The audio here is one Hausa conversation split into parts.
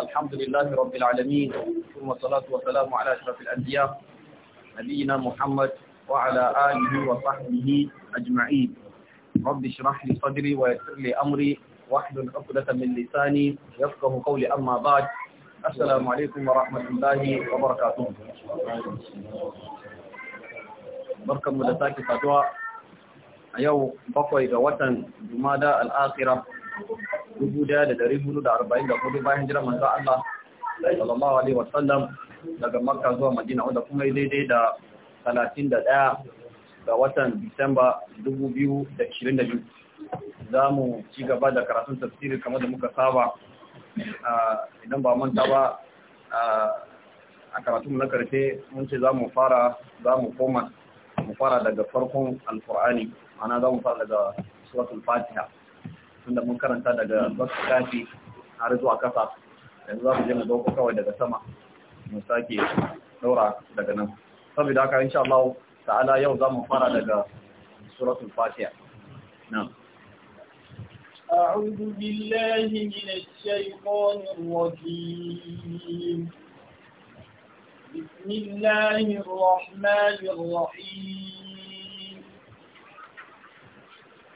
الحمد لله رب العالمين ثم الصلاة والسلام على أشرف الأنبياء نبينا محمد وعلى آله وصحبه أجمعين رب اشرح لي صدري ويسر لي أمري واحلل عقدة من لساني يفقه قولي أما بعد السلام عليكم ورحمة الله وبركاته بركة مدتاك فتوى a yau bakwai ga watan jumada al'akira 1444 bayan jiran manzo Allah sallallahu alaihi wasallam daga makka zuwa madina wanda kuma yi daidai da 31 ga watan disamba 2022 za mu ci gaba da karatun tafsiri kamar da muka saba idan ba manta ba a karatunmu na karfe mun ce za mu fara za mu koma mu fara daga farkon alkur'ani ana za mu fara daga suratul fatiha tunda mun karanta daga suratul kafi har zuwa kasa yanzu za mu je mu dauko kawai daga sama mu sake daura daga nan saboda haka insha Allah ta'ala yau za mu fara daga suratul fatiha na'am أعوذ بالله من الشيطان الرجيم بسم الله الرحمن الرحيم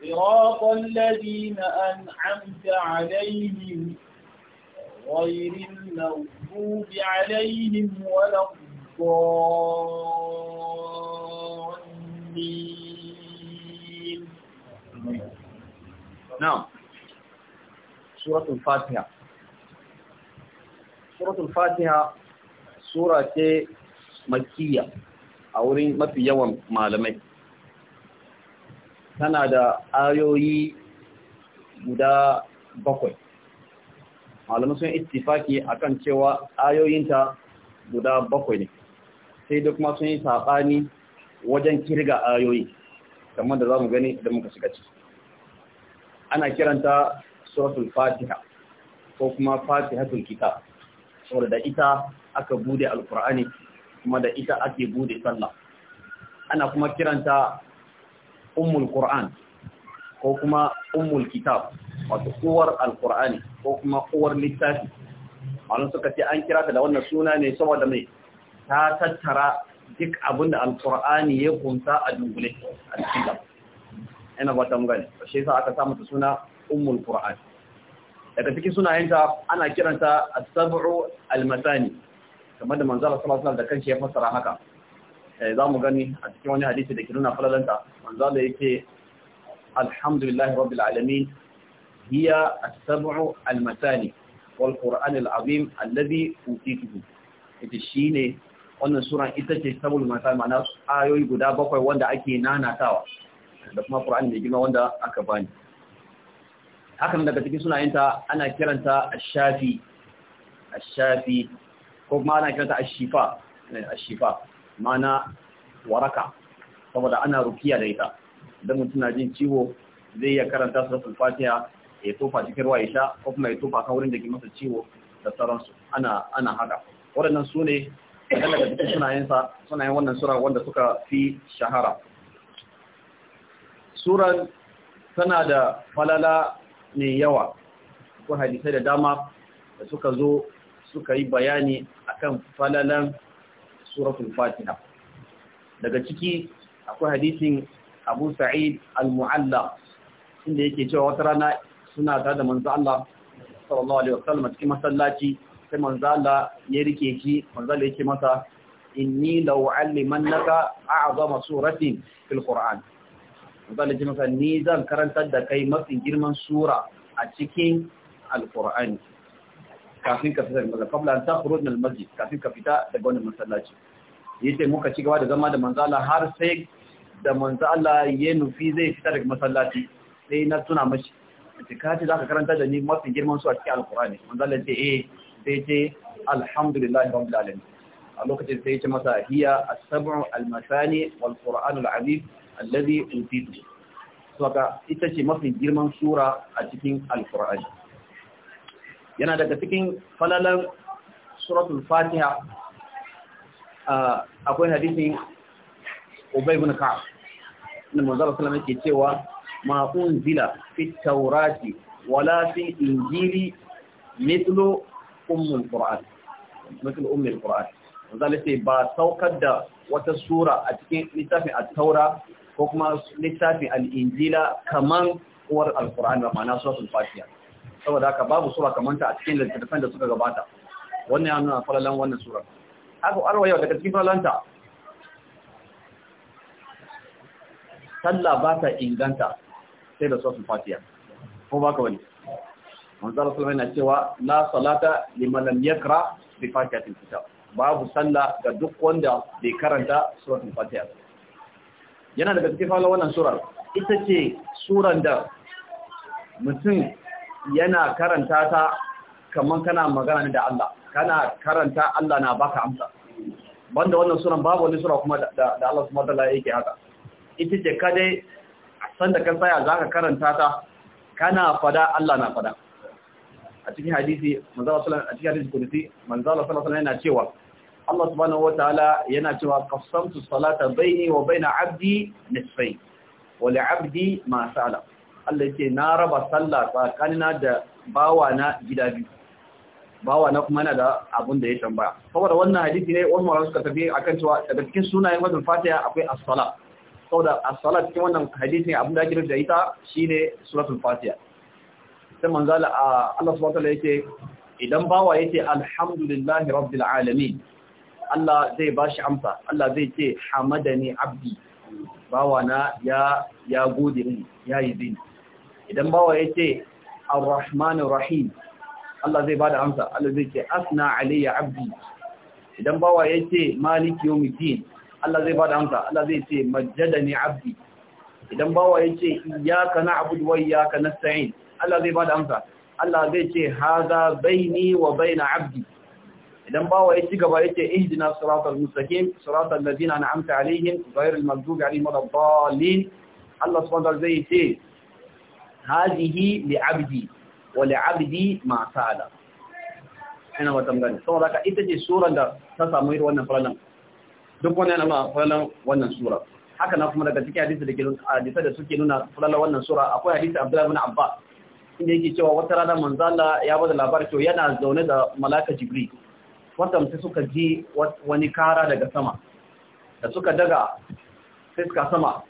صراط الذين أنعمت عليهم غير المغضوب عليهم ولا الضالين نعم سورة الفاتحة سورة الفاتحة سورة مكية أو ما في يوم tana da ayoyi guda bakwai malamu sun istifaki kan cewa ayoyinta guda bakwai ne sai duk sun yi saɓani wajen kirga ayoyi kamar da za mu gani da muka shiga ci ana kiranta suratul fatiha ko kuma fatiha tulkita saboda da ita aka bude alkur'ani kuma da ita ake bude sallah ana kuma kiranta ummul qur'an ko kuma ummul kitab wato uwar alqur'ani ko kuma uwar littafi wannan suka ce an kira ta da wannan suna ne saboda mai ta tattara duk abinda da alqur'ani ya kunta a dungule, a cikin ta ina ba ta mugani shi yasa aka samu ta suna ummul qur'an daga cikin sunayenta ana kiranta as-sab'u al-masani kamar da manzala sallallahu alaihi wasallam da kanshi ya fassara haka Eh, za mu gani a cikin wani hadisi da ke nuna falalanta manzo da yake alhamdulillahi rabbil alamin hiya as-sab'u al-matani wal qur'an al-azim alladhi utituhu ita shine wannan sura ita ce sabul matani ma'ana ayoyi guda bakwai wanda ake nanatawa da kuma qur'ani mai girma wanda aka bani hakan daga cikin sunayenta ana kiranta ash-shafi ash-shafi ko kuma ana kiranta ash-shifa eh, ash-shifa mana waraka saboda ana rukiya da ita idan mutum na jin ciwo zai iya karanta suratul fatiha ya tofa cikin ruwa ya sha ko kuma ya tofa kan wurin da ke masa ciwo da sauransu ana ana haka waɗannan su ne daga cikin sunayensa sunayen wannan sura wanda suka fi shahara suran tana da falala mai yawa ko hadisai da dama da suka zo suka yi bayani akan falalan suratul fatiha daga ciki akwai hadisin abu sa'id al-mu'alla inda yake cewa wata rana suna ta da manzo Allah sallallahu alaihi wasallam cikin masallaci sai manzo Allah ya rike shi manzo Allah yake masa inni law allimannaka a'zama suratin fil qur'an manzo Allah yake masa ni zan karantar da kai mafi girman sura a cikin alqur'ani kafin ka fita daga masallaci an takhruj min al kafin ka fita daga wannan masallaci yace muka ci gaba da zama da manzo Allah har sai da manzo Allah ya nufi zai fita daga masallaci sai na tuna mashi ce ka ce zaka karanta da ni mafi girman su a cikin alkur'ani manzo Allah ce eh sai ce alhamdulillahi rabbil alamin a lokacin sai ya ce masa hiya as-sab'u al-masani wal qur'an al-azim alladhi utitu saka ita ce mafi girman sura a cikin alkur'ani yana daga cikin falalan suratul fatiha akwai hadisin ubay ibn ka'ab inda manzara cewa ma unzila fi wala fi injili mithlu ummul qur'an mithlu ummul qur'an manzara sai ba saukar da wata sura a cikin littafin at-taura ko kuma littafin al-injila kaman uwar al-qur'an ma'ana suratul fatiha saboda haka babu sura kamanta a cikin littattafan da suka gabata wannan ya nuna falalan wannan sura haka arwa yau daga cikin falalanta sallah ba ta inganta sai da sosu fatiya ko ba ka wani manzar sulmai na cewa la salata liman lam yakra bi tun fita. babu sallah ga duk wanda bai karanta sosu fatiya yana daga cikin falalan wannan surar ita ce suran da mutum yana karanta ta kamar kana magana da Allah kana karanta Allah na baka amsa banda wannan suran babu wani sura kuma da Allah subhanahu wataala yake haka ita ce kadai san da ka tsaya zaka karanta ta kana fada Allah na fada a cikin hadisi manzo sallallahu a cikin hadisi kudusi manzo sallallahu alaihi yana cewa Allah subhanahu wataala yana cewa qasamtu salata baini wa baina abdi nisfayn wa li abdi ma sala Allah yake na raba sallah tsakanina da bawa na gida biyu bawa na kuma yana da abun da ya tambaya saboda wannan hadisi ne wani mara suka tafi akan cewa daga cikin sunayen wajen fatiha akwai as-sala saboda as-sala cikin wannan hadisi abun da ake nufi da ita shine suratul fatiha sai manzo Allah subhanahu wa ta'ala yake idan bawa yake alhamdulillahi rabbil alamin Allah zai bashi amsa Allah zai ce hamadani abdi bawa na ya ya gode ni yayi zini idan bawa ya ce ar rahim Allah zai bada amsa Allah zai ce asna alayya abdi idan bawa ya ce maliki yawmiddin Allah zai bada amsa Allah zai ce majjadani abdi idan bawa ya ce iyyaka na'budu wa iyyaka nasta'in Allah zai bada amsa Allah zai ce haza baini wa baina abdi idan bawa ya ci gaba yake ihdina siratal mustaqim siratal ladina an'amta alaihim ghayril maghdubi alaihim waladdallin Allah subhanahu wa ta'ala zai ce hazihi لعبدي ولعبدي wa li انا وتمغني sa'ala ina wata magana saboda haka ita ce suran da ta samu wannan falalan duk wannan Allah falalan wannan sura haka na kuma daga cikin hadisi da ke nuna hadisa da suke nuna falalan wannan sura akwai hadisi Abdullah ibn Abbas inda yake cewa wata rana manzo Allah ya bada labarin cewa yana zaune da malaka Jibril wata mutum suka ji wani kara daga sama da suka daga fiska sama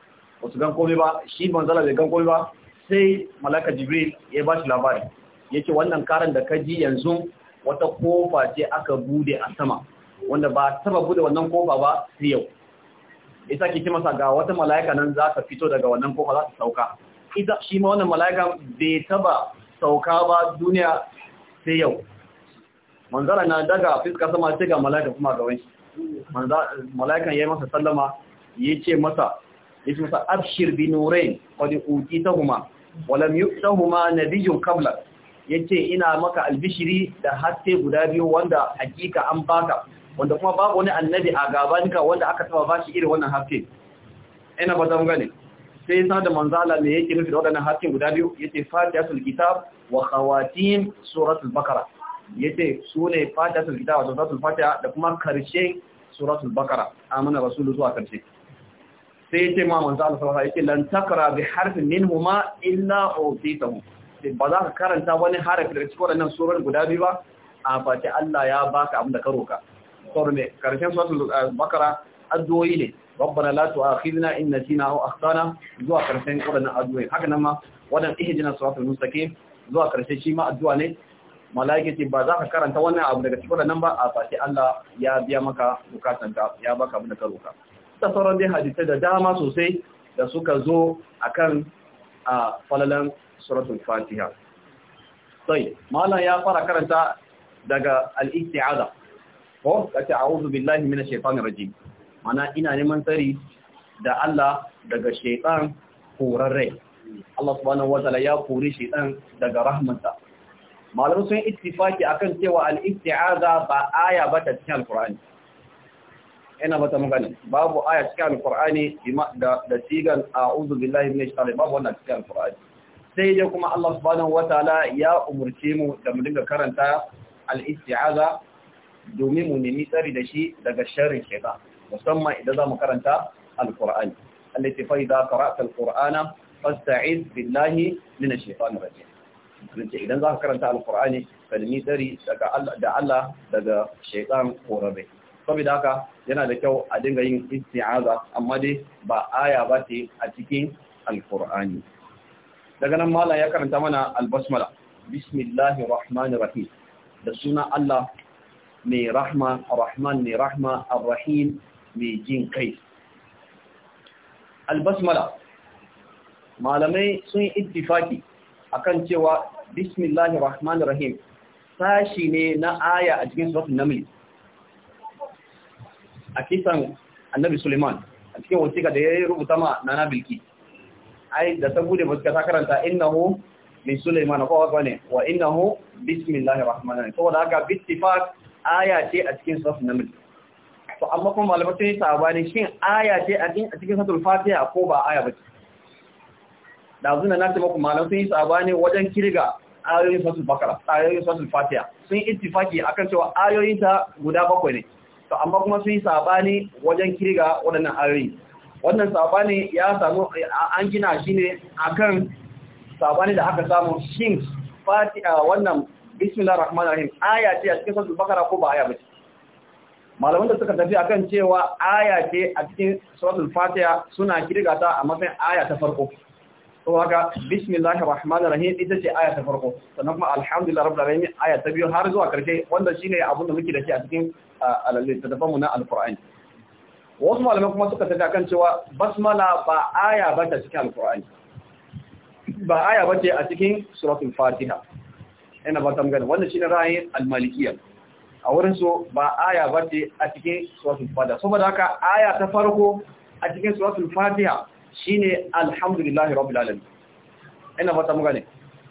wasu gan komai ba shi manzala bai gan komai ba sai malaka jibril ya ba shi labari ya ce wannan karan da ka ji yanzu wata kofa ce aka bude a sama wanda ba taba bude wannan kofa ba sai yau isa ke ce masa ga wata mala'ika nan za ta fito daga wannan kofa za ta sauka ita shi ma wannan mala'ika bai taba sauka ba duniya sai yau manzara na daga fiska sama sai ga mala'ika kuma ga wani mala'ikan ya yi masa sallama ya ce masa ya ce masa abshir bi nurain ta huma. walam yuftahuma kabla, qabla yace ina maka albishiri da haske guda biyu wanda hakika an baka wanda kuma babu wani annabi a gabanka wanda aka taba bashi irin wannan haske ina ba zan gane sai yasa da manzala me yake nufi da wadannan haske guda biyu yace fatihatul kitab wa khawatim suratul baqara yace sune fatihatul kitab wa suratul fatiha da kuma karshe suratul baqara amana rasulu zuwa karshe sai ce ma manzo Allah sallallahu alaihi wasallam lan takra bi harfin minhuma illa utitahu ba za ka karanta wani harafi daga cikin wannan surar guda biyu ba a fati Allah ya baka abin da ka roka saboda ne karshen suratul eh, bakara addu'o'i ne rabbana la tu'akhidhna in nasina aw akhtana zuwa karshen wadannan addu'o'i haka nan ma wadan ihdina suratul mustaqim zuwa karshe shi ma addu'a ne malaika ce ba za ka karanta wannan abu daga cikin wannan ba a fati Allah ya biya maka bukatanka ya baka abin da ka roka ta sauran dai hadisai da dama sosai da suka zo akan a falalan suratun fatiha sai malam ya fara karanta daga al-isti'aza ko kace a'udhu billahi mina shaitanir rajim mana ina neman tsari da Allah daga shaitan korarre Allah subhanahu ya kori shaitan daga rahmanta malamu sun ittifaki akan cewa al-isti'aza ba aya ba ta cikin alqur'ani ina bata magana babu aya cikin alqur'ani da da sigan a'udhu billahi minash shaitani babu wannan cikin alqur'ani sai dai kuma Allah subhanahu wataala ya umurce mu da mu dinga karanta al-isti'aza domin mu nemi tsari da shi daga sharrin shaitan musamman idan zamu karanta al alqur'ani allati fa idza qara'ta alqur'ana fasta'iz billahi minash shaitani rajim idan zaka karanta alqur'ani kalmi tsari daga Allah da Allah daga shaitan korabe saboda haka yana da kyau a dinga yin isti'aza amma dai ba aya ba ce a cikin alkur'ani daga nan malam ya karanta mana albasmala bismillahir rahmanir rahim da suna Allah mai rahma rahman mai rahma arrahim mai jin kai albasmala malamai sun ittifaki akan cewa bismillahir rahmanir rahim sashi ne na aya a cikin suratul naml a kisan annabi Suleiman a cikin wasiƙa da ya rubuta ma nana bilki ai da ta bude wasiƙa ta karanta hu min Suleiman kowa kwa ne wa innahu bismillahir rahmanir rahim saboda haka bittifaq aya ce a cikin na mulki to amma kuma malamai sun yi ne shi aya ce a cikin suratul fatiha ko ba aya ba da zuna na ce muku malamai sun yi sabani wajen kirga ayoyin sassu bakara ayoyin sassu fatiha sun ittifaki akan cewa ayoyin ta guda bakwai ne to amma kuma sun yi sabani wajen kirga waɗannan ayoyi wannan sabani ya samu an gina shi ne kan sabani da aka samu shin fatiha wannan bismillah rahman rahim aya ce a cikin sassu bakara ko ba aya ba ce malaman da suka tafi akan cewa aya ce a cikin sassu fatiha suna kirga ta a matsayin aya ta farko to haka bismillahir rahmanir rahim ita ce aya ta farko sannan kuma alhamdulillah rabbil alamin aya ta biyu har zuwa karshe wanda shine abin da muke da shi a cikin a littattafanmu na alkur'ani wasu malamai kuma suka tafi kan cewa basmala ba aya ba ta cikin alkur'ani ba aya ba ce a cikin suratul fatiha ina ba ta magana shi ne ra'ayin al-malikiyya a wurin su ba aya ba ce a cikin suratul fatiha saboda haka aya ta farko a cikin suratul fatiha shine alhamdulillahi rabbil alamin ina ba ta magana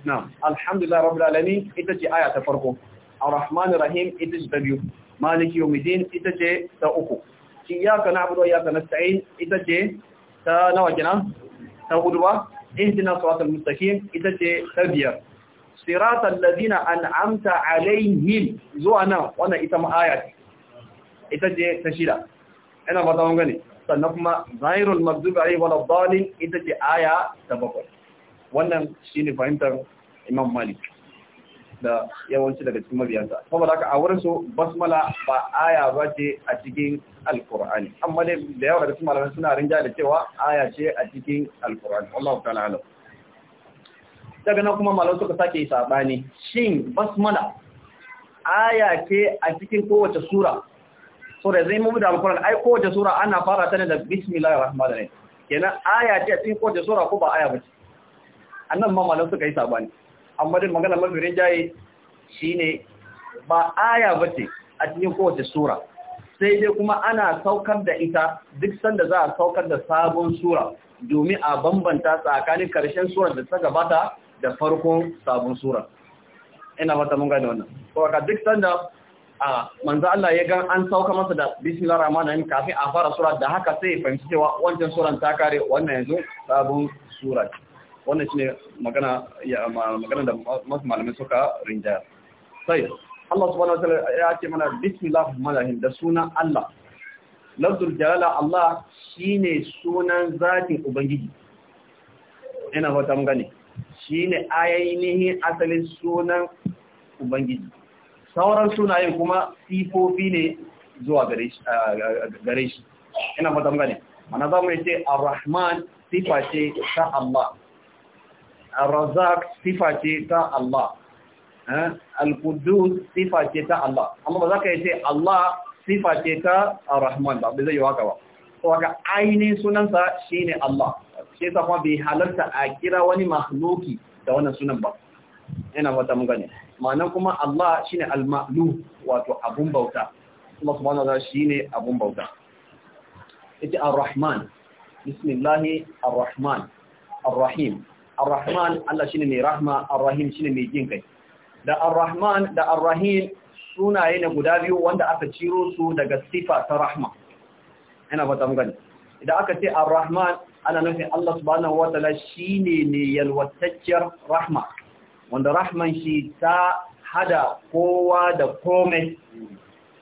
na'am alhamdulillahi rabbil alamin ita ce aya ta farko ar-rahmanir rahim ita ce ta biyu maliki yawmiddin ita ce ta uku shi ya iyyaka na'budu ya iyyaka nasta'in ita ce ta nawa kenan ta hudu ba ihdina siratal mustaqim ita ce ta biyar siratal ladina an'amta alaihim zuwa nan wannan ita ma aya ita ce ta shida ina ba ta mun gane sannan kuma zairul maghdubi alaihi wal ita ce aya ta bakwai wannan shine fahimtar Imam Malik da yawanci daga cikin mabiyansa saboda haka a wurin su basmala ba aya ba ce a cikin alkur'ani amma dai da yawa daga cikin malamai suna rinja da cewa aya ce a cikin alkur'ani wallahu ta'ala alam daga nan kuma malamai suka sake sabani shin basmala aya ce a cikin kowace sura so da zai mabuda da alkur'ani ai kowace sura ana fara ta ne da bismillahir rahmanir rahim kenan aya ce a cikin kowace sura ko ba aya ba ce annan ma malamai suka yi sabani amma magana mafi rinjaye shine ba aya bace a cikin kowace sura sai dai kuma ana saukar da ita duk sanda za a saukar da sabon sura domin a bambanta tsakanin karshen sura da ta gabata da farkon sabon sura ina mata mun gane wannan ko ka duk sanda a manzo Allah ya ga an sauka masa da bismillahir rahmanir kafin a fara sura da haka sai fahimci cewa wancan suran ta kare wannan yanzu sabon sura wannan shine magana ya magana da masu malamai suka rinjaya sai Allah subhanahu wa ta'ala ya ce mana bismillahir rahmanir da sunan Allah lafzul jalala Allah shine sunan zatin ubangiji ina fata mun shi shine ainihin asalin sunan ubangiji sauran sunayen kuma sifofi ne zuwa gare shi ina fata mun mana za mu ce ar-rahman sifa ce ta Allah Ar-Razzaq sifa ce ta Allah eh? Al-Quddus sifa ce ta Allah amma ba za ka ce Allah sifa ce ta Ar-Rahman ba bai zai yi haka ba to haka ainihin sunansa shine Allah shi ta kuma bai halarta a kira wani mahluki da wannan sunan ba yana wata mun gane ma'anan kuma Allah shine al-ma'lu wato abun bauta kuma subhanahu wa ta'ala shine abun bauta ita ar-rahman bismillah ar-rahman ar-rahim Ar-Rahman Allah shine mai rahma, Ar-Rahim shine mai jin kai. Da Ar-Rahman da Ar-Rahim sunaye ne guda biyu wanda aka ciro su daga sifa ta rahma. Ina fata gani. Idan aka ce Ar-Rahman ana nufin Allah subhanahu wataala shine ne yalwatacciyar rahma. Wanda rahman shi ta hada kowa da komai.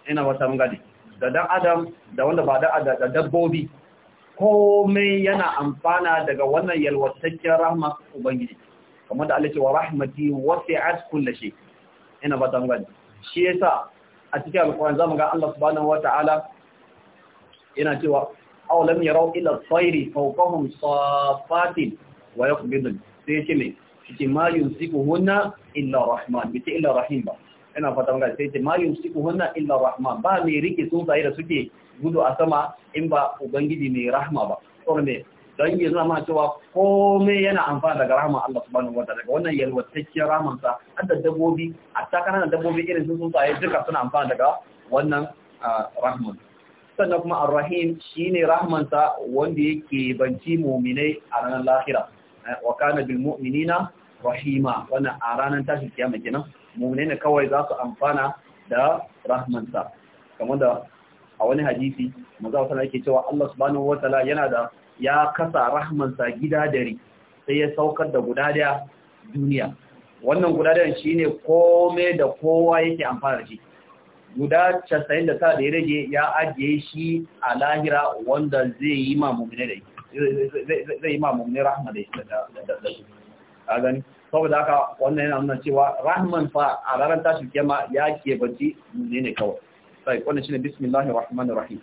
Ina fata mun gani. Da dan Adam da wanda ba da dabbobi komai yana amfana daga wannan yalwataccen rahmar ubangiji kamar da Allah ce wa rahmati wasi'at kulli shay ina ba ta gani shi yasa a cikin alquran zamu ga Allah subhanahu wata'ala yana cewa aw lam yaraw ila at-tayri fawqahum safatin wa yaqbidun sai ce ne shi ma yumsikuhunna illa rahman bi illa rahim ba Yana fata maka sai ce ma yumsiku hunna illa rahma ba mai rike tsuntsaye da suke gudu a sama in ba ubangiji mai rahma ba saboda ne don yi zama cewa kome yana amfana daga rahman Allah subhanahu wa daga wannan yalwatacciyar rahman sa hadda dabbobi a kananan dabbobi irin sun tsuntsaye duka suna amfana daga wannan rahman sannan kuma arrahim shi shine rahman sa wanda yake banci mu'minai a ranar lahira eh, wa kana bil mu'minina rahima wannan a ranar tashin kiyama kenan mu'mine ne kawai za su amfana da rahmansa kamar da a wani hadisi maza wata yake cewa Allah subhanahu wataala yana da ya kasa rahmansa gida dare, sai ya saukar da guda daya duniya wannan guda daya shine kome da kowa yake amfana shi guda 99 da ya rage ya ajiye shi a lahira wanda zai yi ma mu'mine da zai yi ma rahma da da da da saboda haka wannan yana nuna cewa rahman fa a ranar tashin kema ya ke baci ne ne kawai sai wannan shine bismillahir rahmanir rahim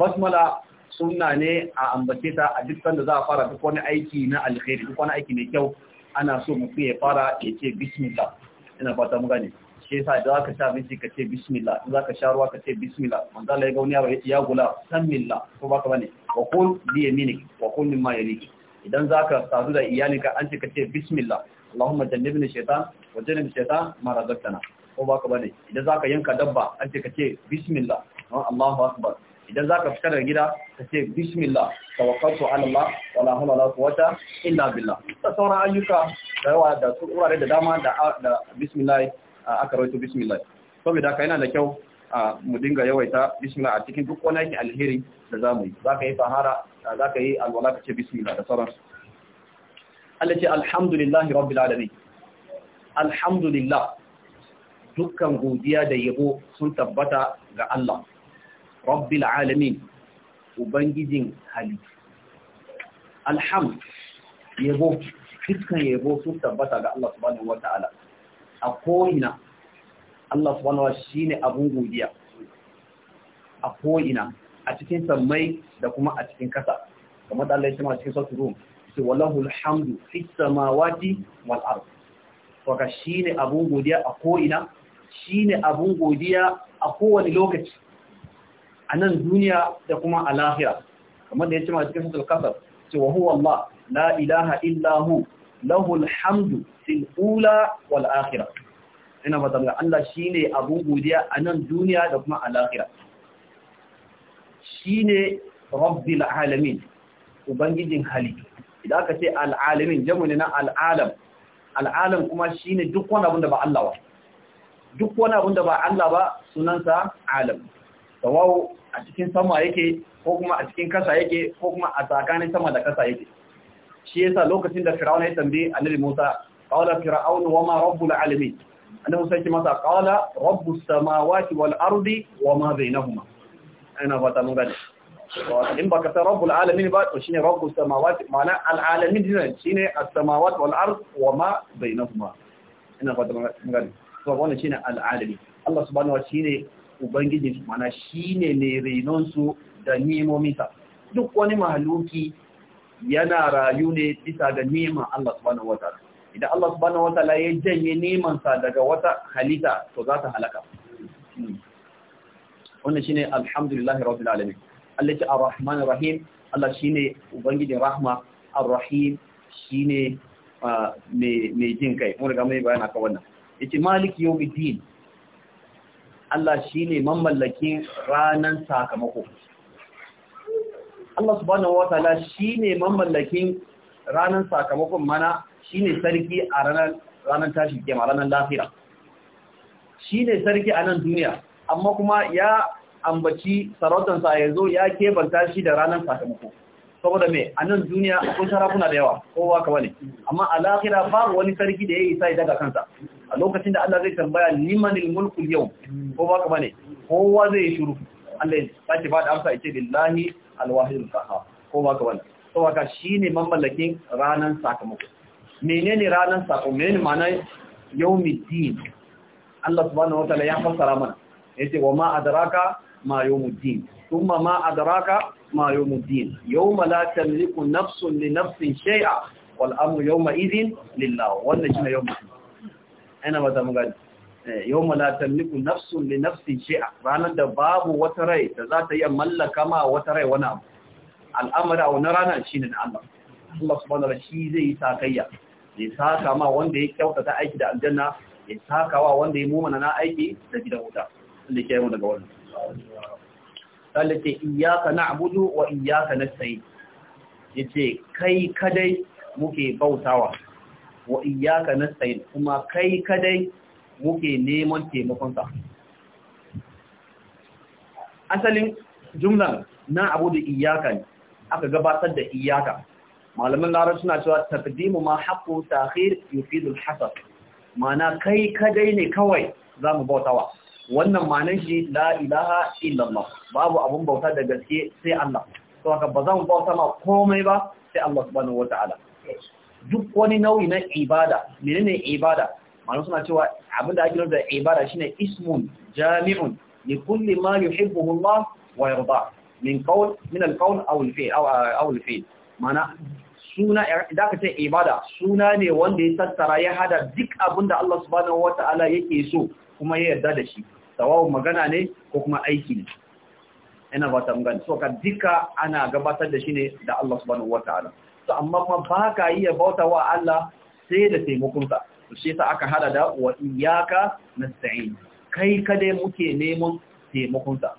basmala sunna ne a ambace ta a duk sanda za a fara duk wani aiki na alkhairi duk wani aiki mai kyau ana so mu ya fara ya ce bismillah ina fata mu gane shi yasa da zaka sha binci ka ce bismillah in zaka sha ruwa ka ce bismillah manzo Allah ya ga wani yaro ya gula samillah ko baka bane wa qul bi yaminik wa qul mimma yaliki idan zaka sadu da iyalinka an ce ka ce bismillah Allahumma jannibni shaytan wa jannibni shaytan ma ko baka bane idan zaka yanka dabba an ce kace bismillah Allahu akbar idan zaka fita daga gida kace bismillah tawakkaltu ala Allah wala hawla wala quwwata illa billah ta sauran ayyuka da yawa da su urare da dama da da bismillah aka rawaito bismillah saboda ka yana da kyau mu dinga yawaita bismillah a cikin duk wani alheri da zamu yi zaka yi fahara zaka yi alwala kace bismillah da sauransu Allah ce alhamdulillahi rabbil alamin alhamdulillah dukkan godiya da yabo sun tabbata ga Allah rabbil alamin ubangijin hali alham yabo dukkan yabo sun tabbata ga Allah wa ta'ala a ko'ina Allah subhanahu wataala shine abun godiya a ko'ina a cikin sammai da kuma a cikin kasa kamar da Allah ya cewa cikin sautu walahul hamdu fi samawati wal ard waka shine abun godiya a koina ina shine abun godiya a kowane lokaci anan duniya da kuma a lahira kamar da ya ce ma cikin sura al-kasr wa huwa allah la ilaha illa hu lahul hamdu fil ula wal akhira ina fatan Allah shine abun godiya a nan duniya da kuma a lahira shine rabbil alamin ubangijin halittu idan aka ce al'alimin jamu na al'alam al'alam kuma shi ne duk wani abin da ba Allah ba duk wani abin da ba Allah ba sunansa alam tawawo a cikin sama yake ko kuma a cikin kasa yake ko kuma a tsakanin sama da kasa yake shi yasa lokacin da fir'auna ya tambaye annabi Musa qala fir'aunu wama rabbul alamin annabi Musa ya masa qala rabbus samawati wal ardi ma bainahuma ana fata mun gane in baka san rabbul alamin ba to shine rabbus samawati ma'ana al alamin din shine as samawati wal ard wa ma bainahuma ina fata magana to wannan shine al alamin Allah subhanahu wa shine ubangiji ma'ana shine ne renon su da nimominsa duk wani mahaluki yana rayu ne bisa ga neman Allah subhanahu wa ta'ala idan Allah subhanahu wa ta'ala ya janye neman sa daga wata halitta to za ta halaka hmm. wannan shine alhamdulillahi rabbil alamin Allah ce ar-rahman rahim Allah shine ubangijin rahma ar-rahim shine mai jin kai mun riga mai bayan ka wannan yace maliki yawmiddin Allah shine mamallakin ranan sakamako Allah subhanahu wataala shine mamallakin ranan sakamakon mana shine sarki a ranan ranar tashi kiyama ranar lafira shine sarki a nan duniya amma kuma ya ambaci sarautansa ya zo ya kebanta shi da ranar sakamako saboda mai a nan duniya akwai sarakuna da yawa kowa ka wani amma a lahira babu wani sarki da ya isa ya daga kansa a lokacin da Allah zai tambaya limanil mulkul yau ko ba ka bane kowa zai shuru, Allah ya sake ba da amsa ya ce lillahi alwahidul qahhar ko ba ka wani saboda ka shine mamallakin ranar sakamako menene ranar sakamako menene ma'anar din? Allah subhanahu ta'ala ya fassara mana yace wa ma adraka ma yau muddin kuma ma a daraka ma yau muddin yau malatan liku nafsun ne nafsun shai'a wal'amu yau ma'izin lillawa shi na yau muddin ina ba zama gani eh, yau malatan liku nafsun ranar da babu wata rai da za ta yi mallaka ma wata rai wani abu al'amura wani ranar shi na allah allah su bane shi zai yi sakayya ya saka ma wanda ya kyautata aiki da aljanna ya saka wa wanda ya mumana na aiki da gidan wuta wanda Allah ce na abudu wa iyyaka nasta'in yace kai kadai muke bautawa wa iyaka na nasta'in kuma kai kadai muke neman taimakon asalin jumlan na abudu ne aka gabatar da iyaka malamin lara suna cewa taqdimu ma haqqu ta'khir yufidu al-hasab mana kai kadai ne kawai zamu bautawa wannan manan shi la ilaha illallah babu abun bauta da gaske sai Allah to haka ba zan bauta ma komai ba sai Allah subhanahu wataala duk wani nau'i na ibada menene ibada malam suna cewa da ake nuna da ibada shine ismun jami'un li kulli ma yuhibbuhu Allah wa yarda min qawl min al-qawl aw al-fi'l aw al-fi'l mana suna idan ka ce ibada suna ne wanda ya tattara ya hada duk abinda Allah subhanahu wataala yake so kuma ya yarda da shi sawawun magana ne ko kuma aiki ne ina ba ta gani so ka duka ana gabatar da shi ne da Allah subhanahu wataala to amma kuma ba ka yi bauta wa Allah sai da taimakonsa to shi yasa aka hada da wa iyyaka nasta'in kai dai muke neman taimakonsa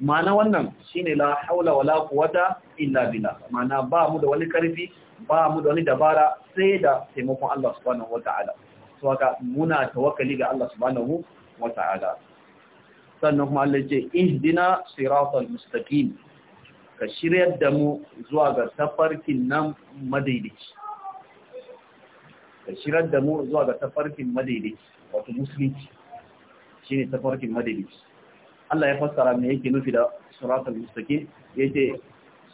ma'ana wannan shine la haula wala quwata illa billah ma'ana ba mu da wani karfi ba mu da wani dabara sai da taimakon Allah subhanahu wataala to haka muna tawakkali ga Allah subhanahu wa ta'ala sannan kuma Allah ce ihdina siratal mustaqim ka shiryar da mu zuwa ga tafarkin nan madaidaici ka shiryar da mu zuwa ga tafarkin madaidaici wato musulunci shine tafarkin madaidaici Allah ya fassara me yake nufi da siratal mustaqim yace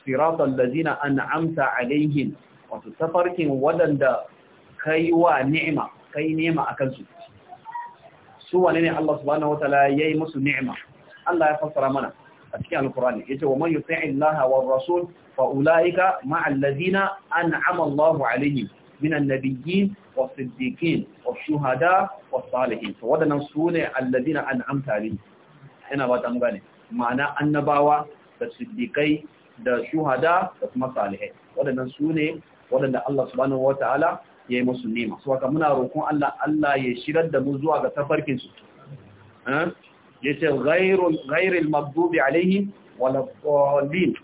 siratal ladzina an'amta alaihim wato tafarkin wadanda kai wa ni'ima kai ni'ima akan su su wane ne Allah subhanahu wataala yayi musu ni'ima Allah ya fassara mana a cikin alkurani yace wa man yuti'i Allah wa rasul fa ulaika ma'al ladina an'ama Allah alaihim min annabiyyin wa siddiqin wa shuhada wa salihin wadannan sune alladina an'amta alaihim ina ba ta mun ma'ana annabawa da siddiqai da shuhada da kuma salihai wadannan sune wadanda Allah subhanahu wataala ya yi musu nema su haka muna roƙon Allah Allah ya shirar da mu zuwa ga tafarkin su ya ce ghairil magdubi alaihi wala dhalin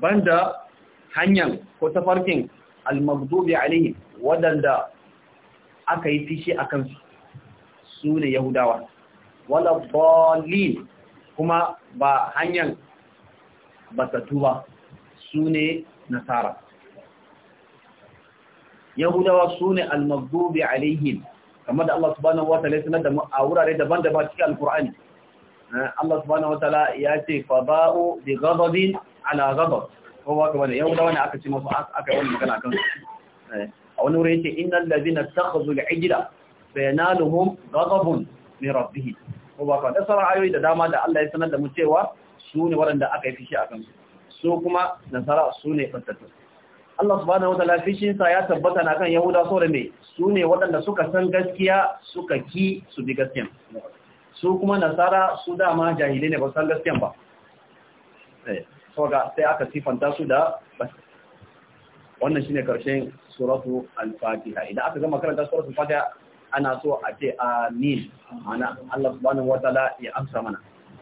banda hanyar ko tafarkin al alaihi waɗanda aka yi fishi a su su ne yahudawa wala kuma ba hanyar batatu ba su ne nasara yahudawa su ne almagdubi alaihim kamar da Allah subhanahu wa ta'ala sanar da mu a wurare daban-daban cikin alqur'ani eh, Allah subhanahu wa ta'ala ya ce fa ba'u bi ghadabin ala ghadab ko wa kamar yahudawa ne aka ce musu aka yi wannan magana kan eh, a wani wuri yace innal ladina takhadhu al-ijla sayanaluhum ghadabun min rabbihim ko ba ka tsara ayoyi da dama da Allah ya sanar da mu cewa su ne waɗanda aka yi fishi a kansu su kuma nasara su ne fatattu Allah subhanahu wa ta'ala fishin sa ya tabbata na kan Yahuda saboda me su ne waɗanda suka san gaskiya suka ki su bi gaskiya su kuma nasara su dama jahilai ne ba san gaskiya ba eh, sai aka sifanta su da wannan shine karshen suratu al-fatiha idan aka gama karanta suratu al-fatiha ana so a ce amin mana Allah subhanahu wa ta'ala ya amsa mana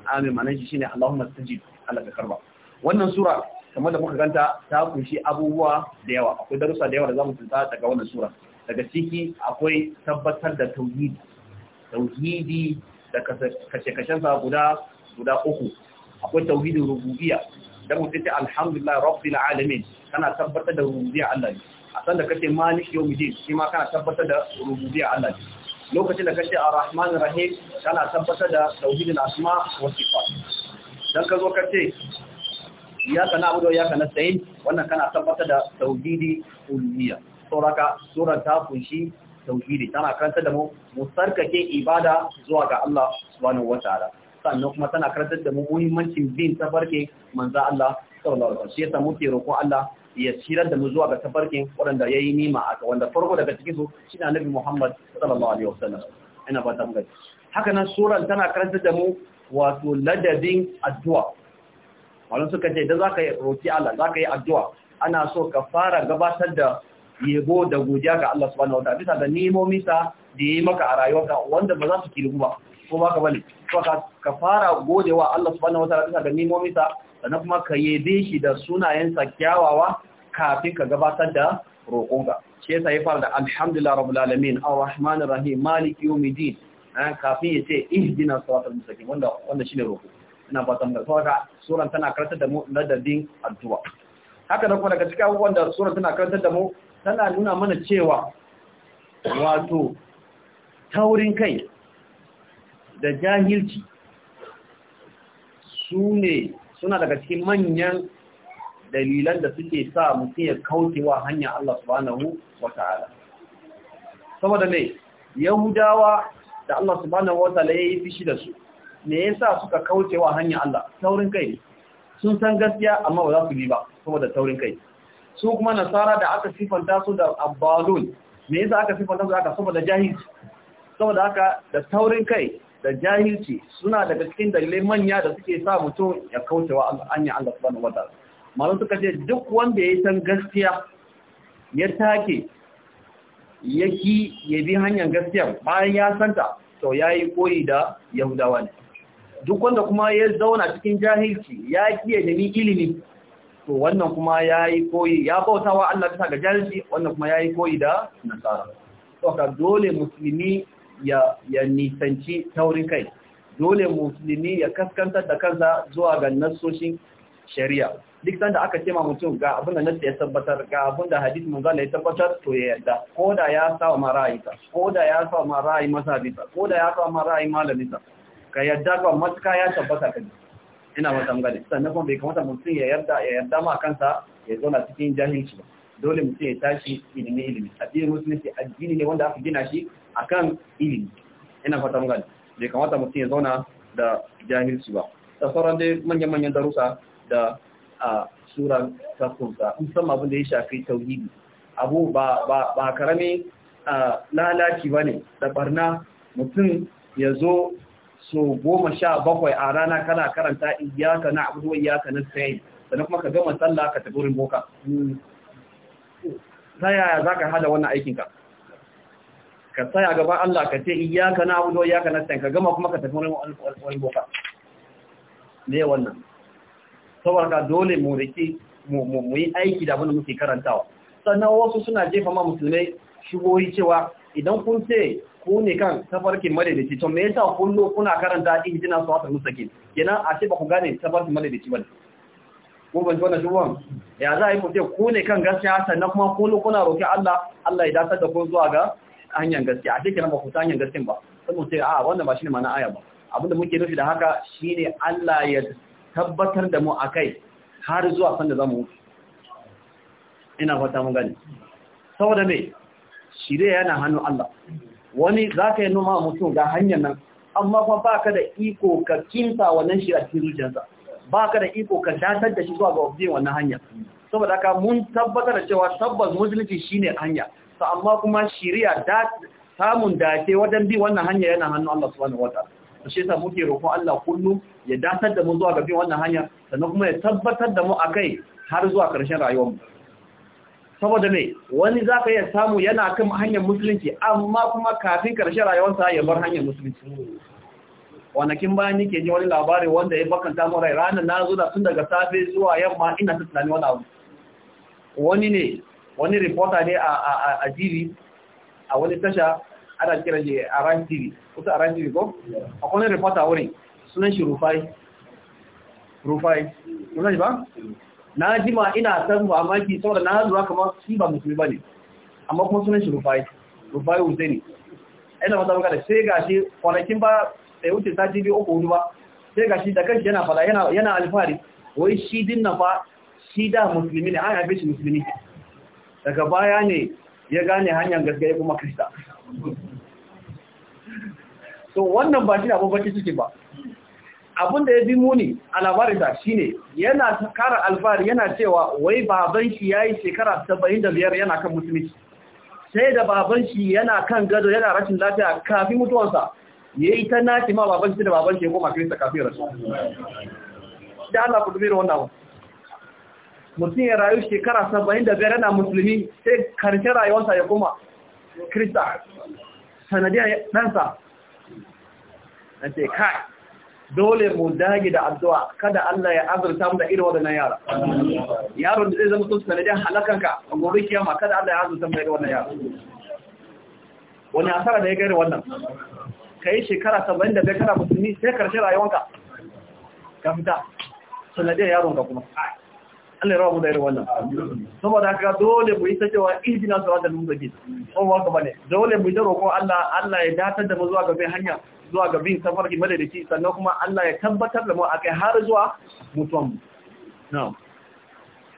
amin mana shi shine Allahumma stajib Allah ka karba wannan sura kamar da muka ganta ta kunshi abubuwa da yawa akwai darussa da yawa da zamu tunta daga wannan sura daga ciki akwai tabbatar da tauhidi tauhidi da kashe-kashen sa guda guda uku akwai tauhidin rububiyya dan mutum ta alhamdulillah rabbil alamin kana tabbatar da rububiyya Allah ne a san da kace malik yawmiddin shi ma kana tabbatar da rububiyya Allah ne lokacin da kace arrahman rahim kana tabbatar da tauhidin asma wa sifat dan ka zo kace iyyaka na'budu wa iyyaka nasta'in wannan kana tabbatar da tauhidi uluhiyya sauraka suran ta kunshi tauhidi tana karanta da mu mu sarkake ibada zuwa ga Allah subhanahu wataala sannan kuma tana karantar da mu muhimmancin bin tafarke manzo Allah sallallahu alaihi wasallam shi yasa muke roƙo Allah ya shirar da mu zuwa ga tafarkin waɗanda yayi nima aka wanda farko daga cikin su shine Annabi Muhammad sallallahu alaihi wasallam ina ba ta mugaci haka nan suran tana karantar da mu wato ladabin addu'a malum suka ce da zaka yi roki Allah zaka yi addu'a ana so ka fara gabatar da yebo da godiya ga Allah subhanahu wataala bisa da nimomin sa da yi maka a rayuwarka wanda ba za su kiri ba ko ba ka bane to ka fara godewa Allah subhanahu wataala bisa da nimomin sa sannan kuma ka yebe shi da sunayensa kyawawa kafin ka gabatar da roƙonka shi yasa ya fara da alhamdulillah rabbil alamin arrahmanir rahim maliki yawmiddin eh, kafin ya ce ihdinas siratal mustaqim wanda wanda shine roƙo na fatan da saboda suran tana karantar da mu ladabin addu'a haka da kuma daga cikin abubuwan da suran tana karantar da mu tana nuna mana cewa wato taurin kai da jahilci su ne suna daga cikin manyan dalilan da suke sa mutum ya wa hanya Allah subhanahu wata'ala saboda ne yahudawa da Allah subhanahu wata'ala ya yi fishi da su me yasa suka kaucewa hanyar Allah taurin kai sun san gaskiya amma ba za su ji ba saboda taurin kai su kuma nasara da aka sifanta su da abbalun me yasa aka sifanta su aka saboda jahilci saboda haka da taurin kai da jahilci suna daga cikin dalilai manya da suke sa mutum ya kaucewa hanyar Allah subhanahu wataala Malam suka ce duk wanda ya san gaskiya ya take ya ki ya bi hanyar gaskiya bayan ya santa to yayi koyi da yahudawa ne duk wanda kuma ya zauna cikin jahilci ya kiye da ni ilimi to wannan kuma yayi koyi ya bautawa Allah bisa ga jahilci wannan kuma yayi koyi da nasara to ka dole musulmi ya ya nisanci taurin kai dole musulmi ya kaskantar da kansa zuwa ga nassoshin shari'a duk sanda aka ce ma mutum ga abin da ya tabbatar ga abin da maza manzala ya tabbatar to ya yarda ko da ya sa ma ra'ayinsa ko da ya sa ma ra'ayin masabinsa ko da ya sa ma ra'ayin malaminsa ka yarda ga matuka ya tabbata kan ina mata gani sannan kuma bai kamata mutum ya yarda ya yarda ma kansa ya zauna cikin jahilci ba dole mutum ya tashi ilimi ilimi addinin musulunci addini ne wanda aka gina shi akan ilimi ina fata gani bai kamata mutum ya zauna da jahilci ba da sauran dai manyan-manyan darussa da a sura ta kunsa musamman abin da ya shafi tauhidi abu ba karami lalaci ba ne da barna mutum ya zo so goma sha bakwai a rana kana karanta iyaka na zuwa iyaka na sayi sannan kuma ka gama sallah ka tafi wurin boka ta yaya za ka hada wannan aikinka ka tsaya gaban Allah ka ce iyaka na zuwa iyaka na sayi ka gama kuma ka tafi wurin boka ne wannan saboda dole mu rike mu yi aiki da abin muke karantawa sannan wasu suna jefa ma musulmai shigoyi cewa idan kun ce ku ne kan tafarkin madaidaici to me yasa kullu kuna karanta su siratal mustaqim kenan a ce ba ku gane tafarkin madaidaici ba ko ban ji wannan shugaban ya za a yi ce ku ne kan gaskiya sannan kuma kullu kuna roƙi Allah Allah ya dace da ku zuwa ga hanyar gaskiya a ce kenan ba ku ta hanyar gaskiya ba sai mu ce a wannan ba shine ma'ana aya ba abinda muke nufi da haka shine Allah ya tabbatar da mu akai har zuwa sanda zamu mutu ina fata mun gani saboda me shirye yana hannu Allah wani za ka yi noma mutum ga hanyar nan amma kuma ba ka da iko ka kinta wannan shi a cikin ba ka da iko ka datar da shi zuwa ga obje wannan hanya saboda ka mun tabbatar da cewa tabbas musulunci shine hanya to amma kuma shari'a samun dace wajen bi wannan hanya yana hannun Allah subhanahu wataala shi yasa muke roƙon Allah kullum ya datar da mu zuwa ga bin wannan hanya sannan kuma ya tabbatar da mu akai har zuwa ƙarshen rayuwarmu saboda mai wani za ka iya samu yana kan hanyar musulunci amma kuma kafin karshe rayuwarsa ya bar hanyar musulunci wanakin bayan nike ji wani labari wanda ya bakan samun rai ranar na zo da tun daga safe zuwa yamma ina ta tunani wani abu wani ne wani reporter ne a jiri a wani tasha ana kira je a ran jiri kusa a ran jiri ko a kwanin reporter wurin sunan shi rufai rufai kuna shi ba na jima ina san ki saboda na lura kamar shi ba musulmi bane amma kuma sunan shi rufai rufai uzeni ina masa maka da sai gashi kwanakin ba sai wuce sati biyu uku hudu ba sai gashi da kanshi yana fada yana yana alfahari wai shi din na fa shi da musulmi ne an haife shi musulmi daga baya ne ya gane hanyar gaskiya kuma krista so wannan ba shi da abubuwan suke ba abin da ya bi muni a labarin da shine yana kara alfahari yana cewa wai baban shi ya yi shekara da biyar yana kan musulunci sai da baban shi yana kan gado yana rashin lafiya kafin mutuwansa ya yi ta naci ma baban shi da baban shi ya koma kirista kafin rasu da ana ku dubira wannan abu mutum ya rayu shekara da biyar yana musulmi sai karshe rayuwarsa ya koma kirista sanadiyar ɗansa na ce kai dole mu dage da addu'a kada Allah ya azurta mu da irin wannan yara yaron da zai zama sun sanadin halakanka a gobe kiyama kada Allah ya azurta mu da irin wannan yara wani asara da ya gari wannan ka yi shekara saba'in da bai kana musulmi sai karshe rayuwanka ka fita sanadin yaron ka kuma Allah ya rawa mu da irin wannan saboda haka dole mu yi ta cewa ihdina sirata al mun ko dole mu yi ta roƙo Allah Allah ya datar da mu zuwa ga bai hanya zuwa ga bin tafarki madadaki sannan kuma Allah ya tabbatar da mu a kai har zuwa mutuwan mu na'am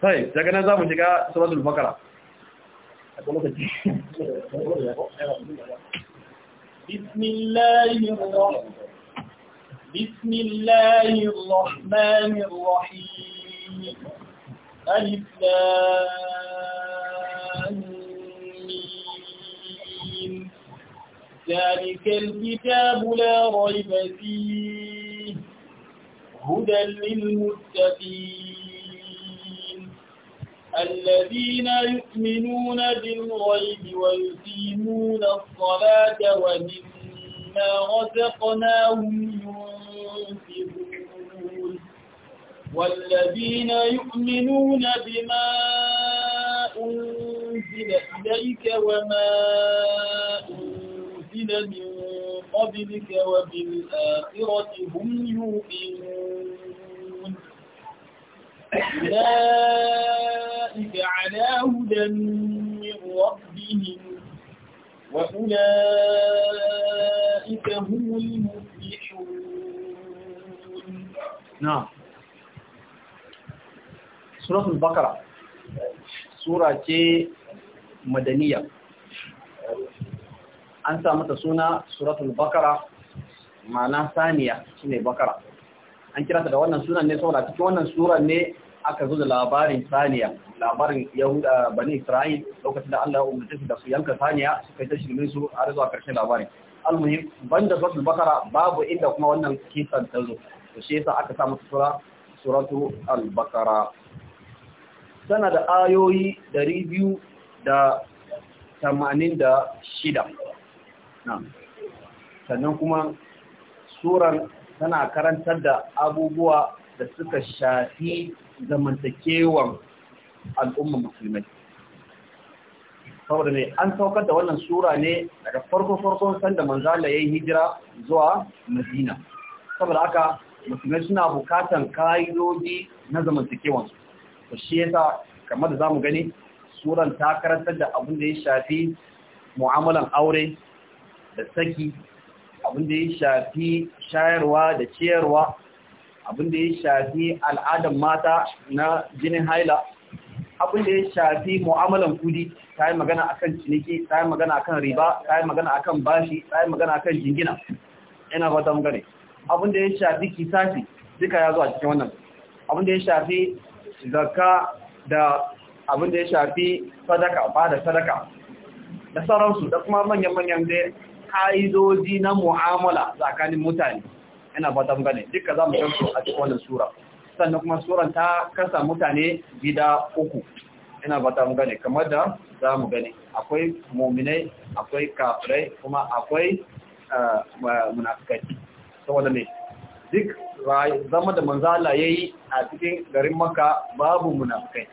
sai daga nan zamu shiga suratul bakara بسم الله الرحمن ذلك الكتاب لا ريب فيه هدى للمتقين الذين يؤمنون بالغيب ويقيمون الصلاة ومما رزقناهم ينفقون والذين يؤمنون بما أنزل إليك وما الذين من قبلك وبالآخرة هم يوقنون أولئك على هدى من ربهم وأولئك هم المفلحون نعم سورة البقرة سورة مدنية an sa mata suna suratul bakara ma'ana saniya shine bakara an kira ta da wannan sunan ne saboda cikin wannan suran ne aka zo da labarin saniya labarin yahuda bani isra'il lokacin da Allah ya umarce su da su yanka saniya su kai ta shirmin su har zuwa karshen labarin almuhim banda suratul bakara babu inda kuma wannan kisan ta zo to shi yasa aka sa mata sura suratu al-bakara tana da ayoyi 286 sannan kuma surar tana karantar da abubuwa da suka shafi zamantakewan al'umma musulmai saboda ne an saukar da wannan sura ne daga farko-farkon sanda manzala ya yi hijira zuwa madina saboda aka musulmai suna bukatan ka'idoji na zamantakewansu Ba shi yasa kamar da mu gani suran ta karantar da abin da ya shafi mu'amalan aure da saki abin da ya shafi shayarwa da ciyarwa abin da ya shafi al'adar mata na jinin haila abin da ya shafi mu'amalan kudi ta yi magana akan ciniki ta yi magana akan riba ta yi magana akan bashi ta yi magana akan jingina ina ba ta magana abin da ya shafi kisafi duka ya zo a cikin wannan abin da ya shafi zakka da abin da ya shafi sadaka ba da sadaka da sauransu da kuma manyan-manyan da ka'idoji na mu'amala tsakanin mutane ina fatan gane duka za mu kansu a cikin wannan sura sannan kuma suran ta kasa mutane gida uku ina fatan gane kamar da za mu gane akwai muminai akwai kafirai kuma akwai eh, munafikai saboda me duk zama da manzala yayi a cikin garin makka babu munafikai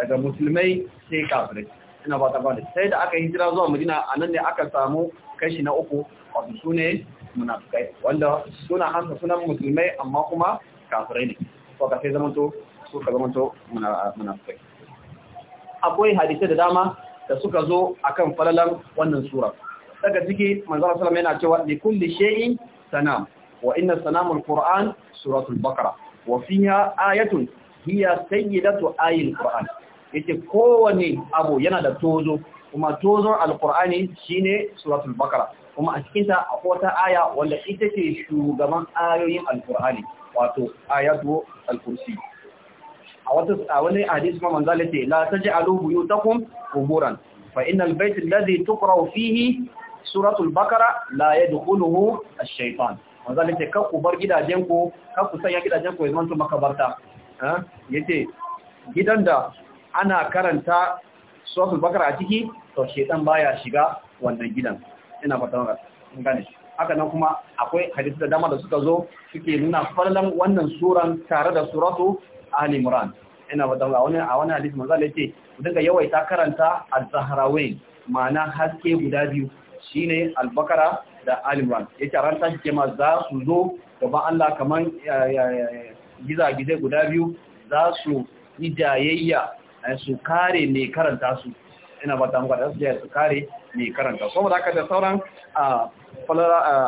daga musulmai sai kafirai ina ba ta ba da sai da aka hijira zuwa madina a nan ne aka samu kashi na uku wato su ne munafikai wanda suna hansa sunan musulmai amma kuma kafirai ne ko ka sai zamanto su ka zamanto munafikai akwai hadisai da dama da suka zo akan falalan wannan sura daga ciki manzo sallallahu yana cewa li kulli shay'in sanam wa inna sanamul qur'an suratul baqara wa fiha ayatun hiya sayyidatu ayil qur'an yake kowane abu yana da tozo kuma tozon alkur'ani shine suratul bakara kuma a cikinta akwai wata aya wanda ita ce shugaban ayoyin alkur'ani wato ayatu alkursi a wata a wani hadisi ma manzo Allah ce la taj'alu buyutakum quburan fa innal bayt alladhi tuqra fihi suratul bakara la yadkhuluhu ash-shaytan manzo Allah ce kar ku bar gidajenku kar ku sanya gidajenku ya manto makabarta eh yace gidan da ana karanta sosul bakara a ciki to shedan baya shiga wannan gidan ina fatan gane shi haka nan kuma akwai hadisi da dama da suka zo suke nuna farlan wannan suran tare da suratu Ali imran ina fatan maka wani a wani hadisi manzo yace ku dinga yawaita karanta az-zahrawain ma'ana haske guda biyu shine al-bakara da ali imran yace ran tashi ma za su zo gaba Allah kaman gizagizai guda biyu za su yi jayayya su kare ne karanta su ina ba ta muka da su je su kare ne karanta su da aka da sauran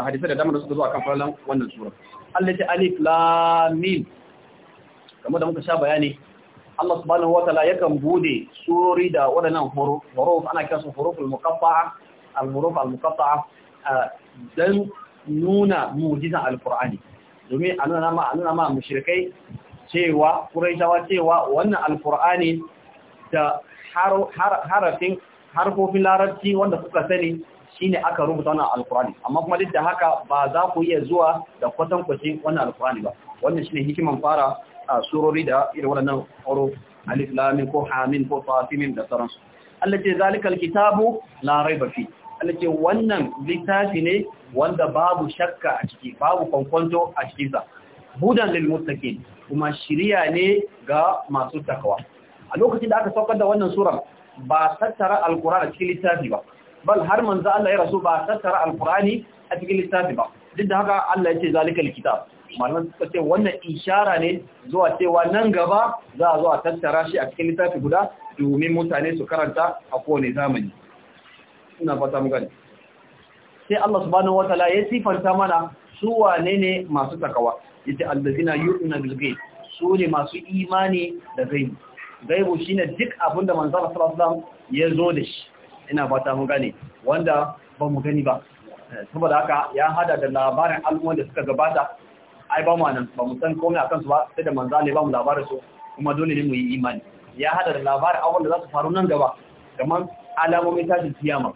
hadisai da dama da suka zo akan falalan wannan sura Allah ta alif lam mim kamar da muka sha bayani Allah subhanahu wataala yakan bude surori da waɗannan huruf ana kira su huruful muqaffa'a al-huruf al-muqaffa'a dan nuna mu'jizan al-Qur'ani domin a nuna ma a nuna ma mushrikai cewa Quraishawa cewa wannan al-Qur'ani da harafin harfofin larabci wanda kuka sani shine aka rubuta wannan alkurani amma kuma duk da haka ba za ku iya zuwa da kwatankwacin wannan alkurani ba wannan shine hikiman fara a surori da irin waɗannan horo alif ko hamin ko fasimin da sauransu Allah ce zalikal kitabu Larai Bafi. Allah ce wannan littafi ne wanda babu shakka a ciki babu kwankwanto a cikinsa hudan lil kuma shiriya ne ga masu takawa a lokacin da aka saukar da wannan surar ba tattara alqur'ani a cikin littafi ba bal har manzo Allah ya rasu ba tattara alkur'ani a cikin littafi ba duk da haka Allah ya ce zalikal kitab malaman suka ce wannan ishara ne zuwa cewa nan gaba za a zo a tattara shi a cikin littafi guda domin mutane su karanta a kowane zamani ina fata mu gani sai Allah subhanahu wataala ya sifanta mana su wane ne masu takawa yace allazina yu'minu bil ghaib su ne masu imani da gaibi gaibu shine duk abin da manzon sallallahu alaihi wasallam ya zo da shi ina fata mun gane wanda ba mu gani ba saboda haka ya hada da labarin al'umma da suka gabata ai ba mu nan ba mu san komai akan su ba sai da manzo ne ba mu labarin su kuma dole ne mu yi imani ya hada da labarin abin da za su faru nan gaba kamar alamomin tashin kiyama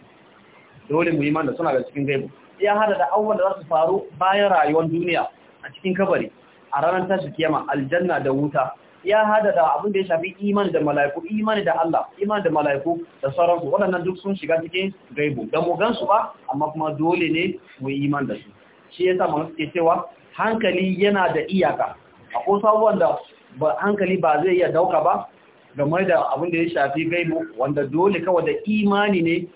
dole mu yi imani da suna da cikin gaibu ya hada da abubuwan da za su faru bayan rayuwar duniya a cikin kabari a ranar tashi kiyama aljanna da wuta ya hada da abin da ya shafi imani da mala'iku imani da Allah imani da mala'iku da sauransu waɗannan duk sun shiga cikin gaibu da mu gansu ba amma kuma dole ne mu yi imani da su shi yasa mu suke cewa hankali yana da iyaka akwai sabuwan da hankali ba zai iya dauka ba game da abin da ya shafi gaibu wanda dole kawai da imani ne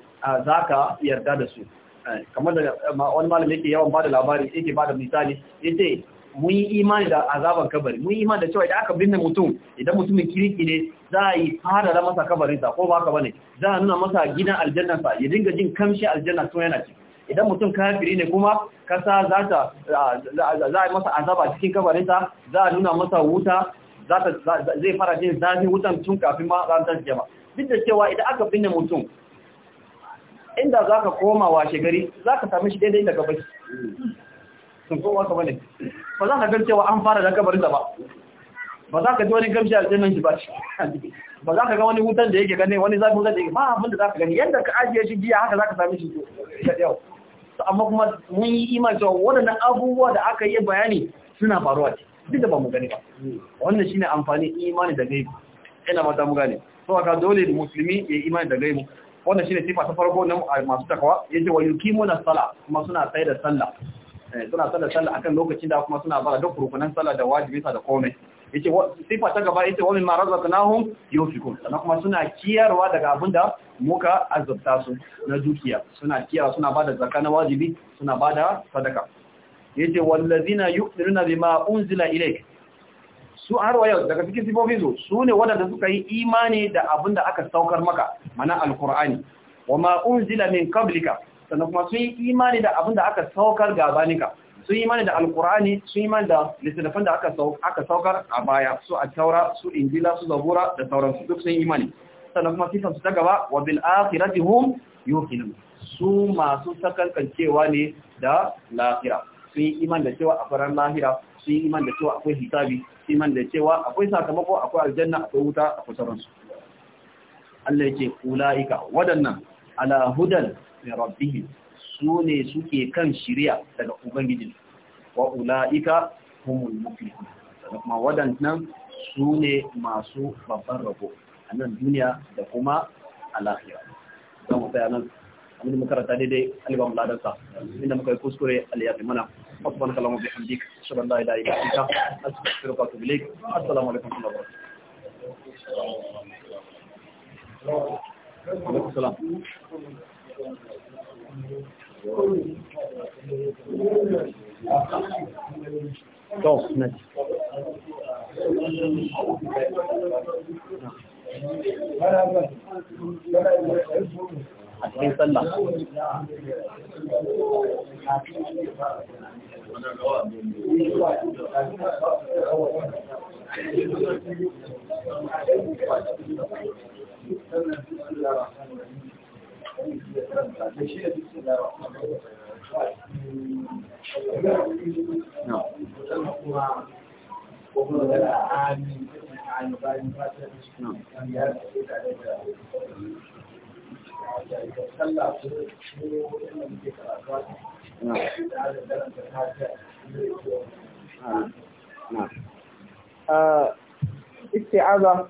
zaka yarda da su eh, kamar da wani malam yake yawan bada labari yake bada misali yace mun yi imani da azaban kabari mun yi imani da cewa idan aka binne mutum idan mutumin kiriki ne za a yi fara da masa kabarinsa ko ba ka bane za a nuna masa gidan sa ya dinga jin kamshi aljanna sun yana ci idan mutum kafiri ne kuma kasa za ta za a masa azaba cikin kabarinsa za a nuna masa wuta zai fara jin zafin wutan tun kafin ma ta jama duk da cewa idan aka binne mutum inda za ka koma washe gari za ka sami shi daidai daga baki ko waka ba za ka gan cewa an fara da kabarin ba ba za ka ji wani gamshi a cikin shi ba shi. ba za ka ga wani wutan da yake gane wani zafi zafin zai ba abin da za ka gani yadda ka ajiye shi biya haka za ka sami shi da yau amma kuma mun yi iman cewa waɗannan abubuwa da aka yi bayani suna faruwa ce duk da ba mu gani ba wannan shine amfani imani da gaibu ina mata mu gane to aka dole musulmi ya imani da gaibu wannan shine sifa ta farko na masu takawa yace wa yuqimuna sala kuma suna tsaye da sallah Eh, suna sallar sallar akan lokacin da kuma suna bara duk rukunan sallah da wajibi da komai yace sifa ta gaba yace wamin ma razaqnahum yunfikun sannan kuma suna kiyarwa daga abinda muka azabta su na dukiya suna kiyarwa suna bada zakka na wajibi suna bada sadaka yace wallazina yu'minuna bima unzila ilayk su har wayo daga cikin sifofin su sune wadanda suka yi imani da abinda aka saukar maka mana alqur'ani ma unzila min qablika sannan kuma sun yi imani da abin da aka saukar nika. sun yi imani da alkurani sun yi imani da littattafan da aka saukar a baya su a taura su injila su zabura da sauransu duk sun yi imani sannan kuma su ta gaba wa bil akhirati hum yuqinun su masu sakalkancewa ne da lahira sun yi imani da cewa a faran lahira sun yi imani da cewa akwai hisabi sun imani da cewa akwai sakamako akwai aljanna akwai wuta akwai sauransu Allah ya ce ulaika waɗannan ala hudan min rabbihi su ne suke kan shirya daga ubangijin wa ula'ika humul muflihun da kuma waɗannan su ne masu babban rabo a nan duniya da kuma a lafiya don mu tsaya nan abinda muka rata daidai alibar muladarsa inda muka yi kuskure aliyafi mana wasu kalamu bi hamdik shirin da ila ila ita a cikin firka to assalamu alaikum wa rahmatullahi wa to na Thank you. isti'aza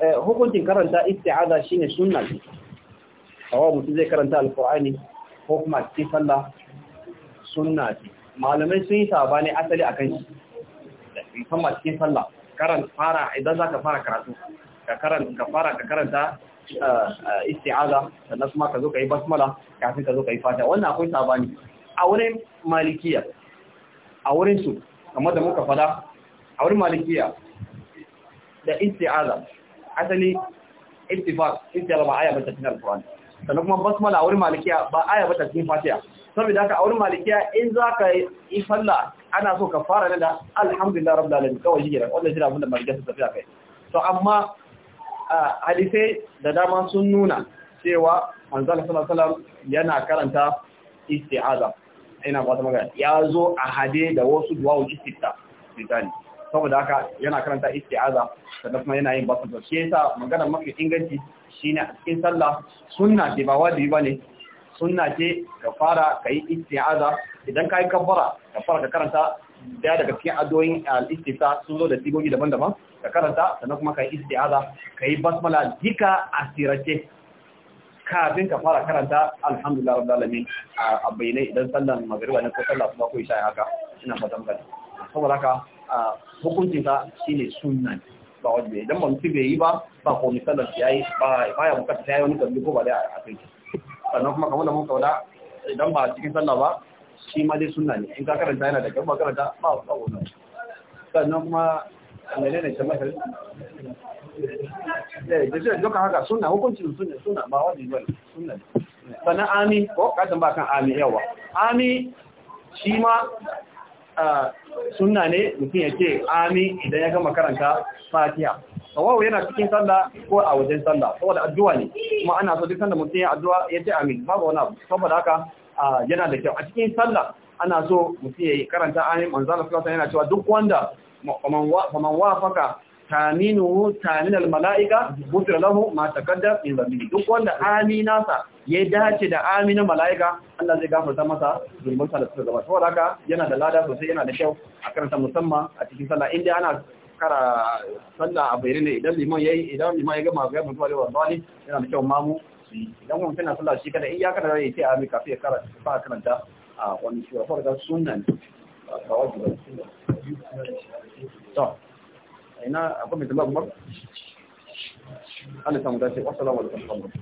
eh, hukuncin karanta isti'aza shine sunna kawo mutum zai karanta alkur'ani ko kuma cikin sallah suna ce malamai sun yi sabani asali da shi musamman cikin sallah karanta fara idan za ka fara karatu ka fara ka karanta eh, isti'aza sannan kuma ka zo ka yi basmala kafin ka zo ka yi fata wannan akwai sabani a wurin malikiya a wurin su kamar da muka fada a wurin malikiya da isti'aza asali istifar isti'aza ba aya na ta cikin sannan kuma basmala a wurin malikiya ba aya ba ta cikin fatiha saboda haka a wurin malikiya in za ka yi falla ana so ka fara da alhamdulillah rabbil alamin kawai shi kenan wannan shi abin da malikiya su tafi akai to amma hadisai da dama sun nuna cewa manzon sallallahu alaihi wasallam yana karanta isti'aza ina ba ta magana ya zo a hade da wasu duwawu istifta misali saboda haka yana karanta isti'aza sannan kuma yana yin basu shi yasa magana mafi inganci shi ne a cikin sallah sunna ce ba wajibi ba ne sunna ce ka fara ka yi isti'aza idan ka yi kabbara ka fara ka karanta daya daga cikin addu'o'in al sun zo da sigogi daban-daban ka karanta sannan kuma ka yi isti'aza ka yi basmala dika a sirace kafin ka fara karanta alhamdulillah rabbil alamin a bayyane idan sallan magriba ne ko sallah kuma ko isha haka ina fata maka saboda haka hukuncin shine sunna ba wajibi idan mamci bai yi ba ba komi sallar ya yi ba ya bukata ta yi wani kalli ko ba dai a kai sannan kuma kamar da muka wada idan ba cikin sallah ba shi ma dai sunna ne in ka karanta yana da kyau ba karanta ba ba wannan sannan kuma menene ne kamar eh, da shi duka haka sunna hukuncin sunna sunna ba wajibi ba sunna sannan ami ko kasan ba kan ami yawa ami shi ma sunna ne mutum ya ce amin idan ya gama karanta fatiha sawawu yana cikin sallah ko a wajen sallah saboda addu'a ne kuma ana so duk sanda mutum ya addu'a ya ce amin babu wani abu saboda haka yana da kyau a cikin sallah ana so mutum ya karanta amin manzo Allah sallallahu alaihi wasallam yana cewa duk wanda faman wafaka taminuhu tamin almala'ika gufir lahu ma taqaddam min dhanbihi duk wanda amina sa ya dace da amina mala'ika Allah zai gafarta masa zunuban sa da suka gabata saboda haka yana da lada sosai yana da kyau a karanta musamman a cikin sallah inda ana kara sallah a bayyane ne idan liman yayi idan liman ya gama ga mutuwa da wani yana da kyau mamu idan kuma tana sallah shi kada in ya kada ya ce amin kafin ya karanta ba karanta a wani shi wa farka sunan ba wajibi to ina akwai mai tambaya kuma Allah samu dace wassalamu alaikum